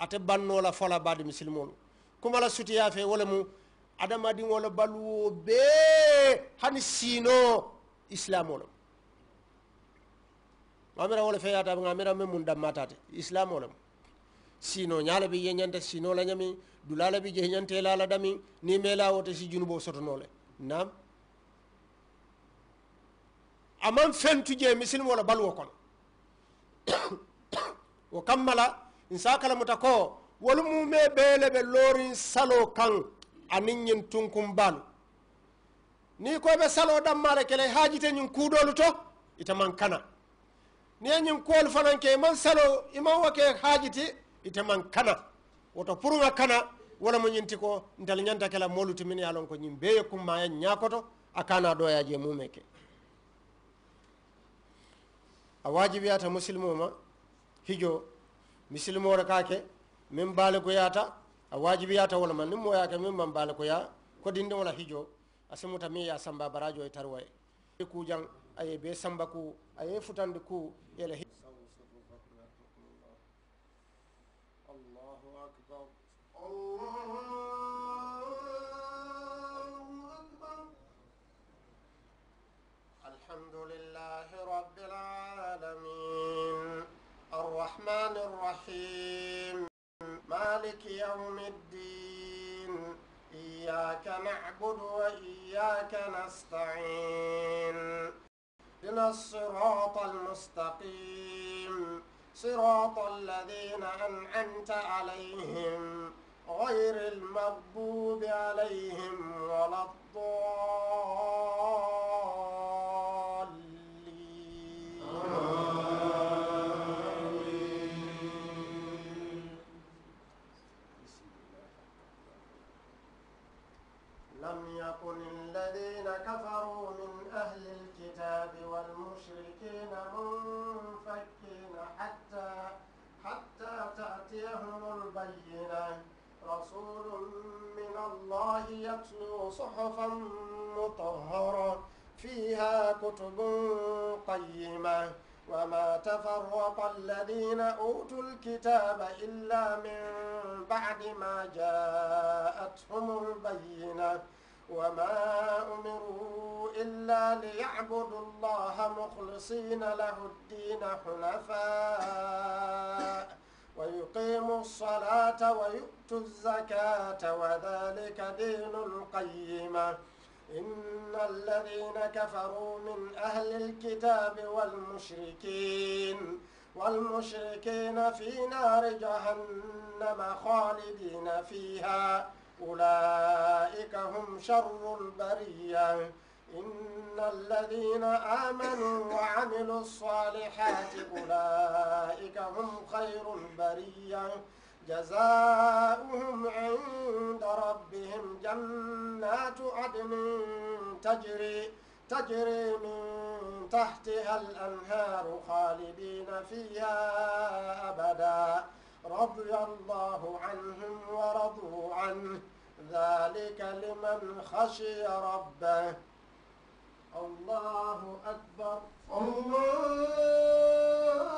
ate bannola fola baade misilmolu kumala sutiya fe wala mu adamadiŋo la baluwo bee hani sino islamo lemu amira wala fe yata nga amira memun dammatate islamo lemu sino ñaala bi yeñante sino la ñami dulala bi jeñante la la dami ni mela wote si junubo sotonole nam aman fentuje misilmo la baluwo kono wo kammala nsakala mutako wolu mume bele be lorin salo kan anin yin tunkun balu ni ko be salo dammale kele hajite ñin kudolu to ita man kana ni ñin kuwol fananke man iman salo iman wake hajiti ita man kana woto purunga kana wala mo ñinti ko ntal ñanta kela moluti min yalon ko ñin beye kummaya ñakoto a kana ɗoyaji mume ke a wajibiyata musilme hijo misilimoore ka ke min baaligoyata a ta wala ma niŋ moo ye a ke min maŋ ko dinde wala hijo a simuta miŋ ye ya samba barajo ye taruwa ku jang a ye samba ku a ye ku ye الحمد لله رب العالمين الرحمن الرحيم مالك يوم الدين إياك نعبد وإياك نستعين إلى الصراط المستقيم صراط الذين أنعمت عليهم غير المغضوب عليهم ولا الضالين قل الذين كفروا من أهل الكتاب والمشركين منفكين حتى حتى تأتيهم البينة رسول من الله يتلو صحفا مطهرة فيها كتب قيمة وما تفرق الذين أوتوا الكتاب إلا من بعد ما جاءتهم البينة وما أمروا إلا ليعبدوا الله مخلصين له الدين حنفاء ويقيموا الصلاة ويؤتوا الزكاة وذلك دين القيمة إن الذين كفروا من أهل الكتاب والمشركين والمشركين في نار جهنم خالدين فيها أولئك هم شر البرية إن الذين آمنوا وعملوا الصالحات أولئك هم خير البرية جزاؤهم عند ربهم جنات عدن تجري تجري من تحتها الأنهار خالدين فيها أبداً رضي الله عنهم ورضوا عنه ذلك لمن خشي ربه الله أكبر الله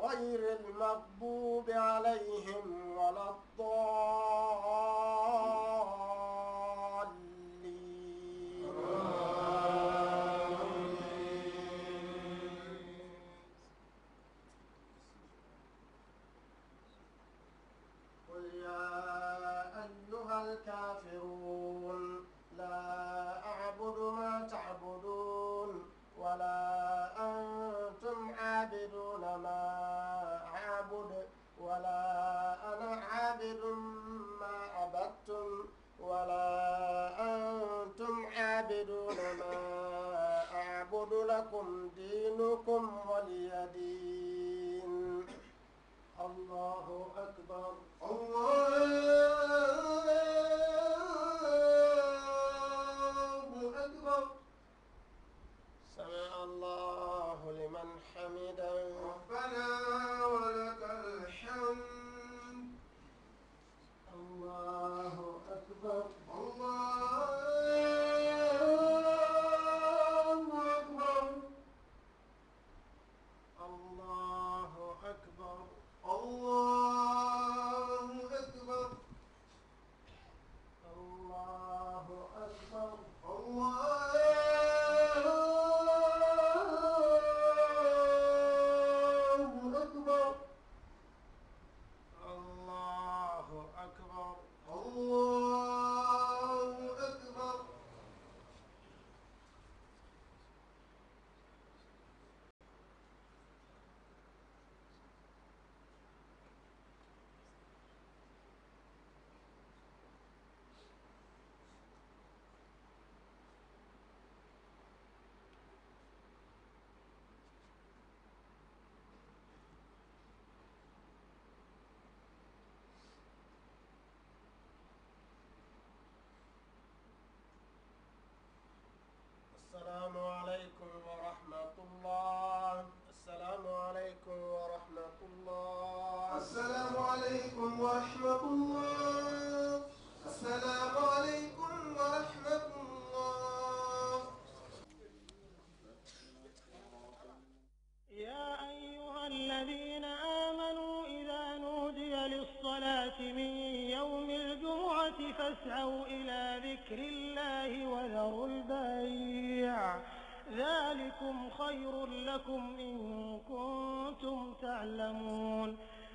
غير المغضوب عليهم ولا الضالين لكم دينكم ولي دين الله أكبر ورحمة الله السلام عليكم ورحمة الله يا أيها الذين آمنوا إذا نودي للصلاة من يوم الجمعة فاسعوا إلى ذكر الله وذروا البيع ذلكم خير لكم إن كنتم تعلمون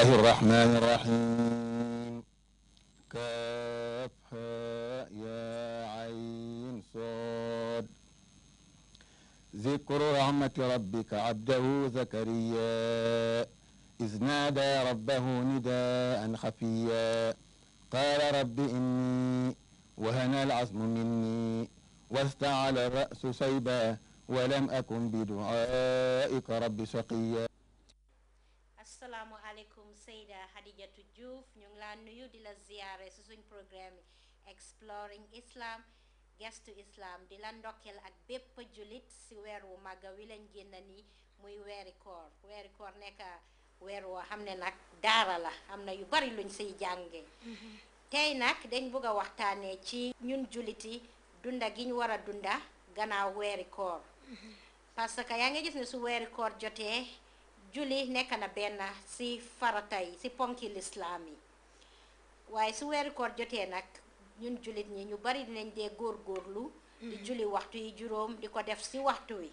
الله الرحمن الرحيم كافها يا عين صاد ذكر رحمة ربك عبده زكريا إذ نادى ربه نداء خفيا قال رب إني وهنى العظم مني واستعل الرأس شيبا ولم أكن بدعائك رب شقيا salaamu asalaamualeykum Seyda Hadijatu Diouf ñu ngi laa nuyu di la ziyaare si suñ programme exploring islaam gestu islam di la ndokkeel ak bépp jullit ci weer wu màgga wi lañ génn ni muy weeri koor weeri koor nekk weer woo xam ne nag daara la am na yu bari luñ siy jànge tey nag dañ bëgg a waxtaanee ci ñun julliti dunda gi ñu war a dunda gannaaw weeri koor parce que yaa ngi gis ne su weeri koor jotee julli nekk na benn si farata yi si ponki lislaam yi waaye su weeru jotee nag ñun jullit ñi ñu bari dinañ dee góorgóorlu di mm-hmm. julli waxtu yi juróom di ko def si waxtu wi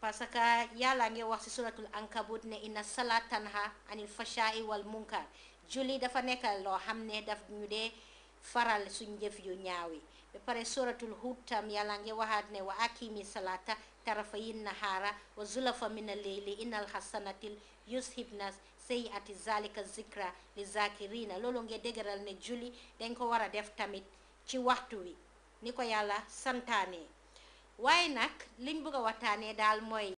parce que yàlla ngi wax si suratul ankabut ne inna salaat tanha anil fashaai wal munkar julli dafa nekk loo xam ne daf ñu dee faral suñ njëf yu ñaaw yi ba pare suratul hud tam yàlla ngi waxaat ne wa akimi salata tarafayi nahaara wa zulafa mina leyli innal hasanatil yushibna sayiati zalika zikra li zakirina loolu nga dëgëral ne julli dañ ko war a def tamit ci waxtu wi ni ko yàlla santaane waaye nag liñ bëgg a waxtaanee daal mooy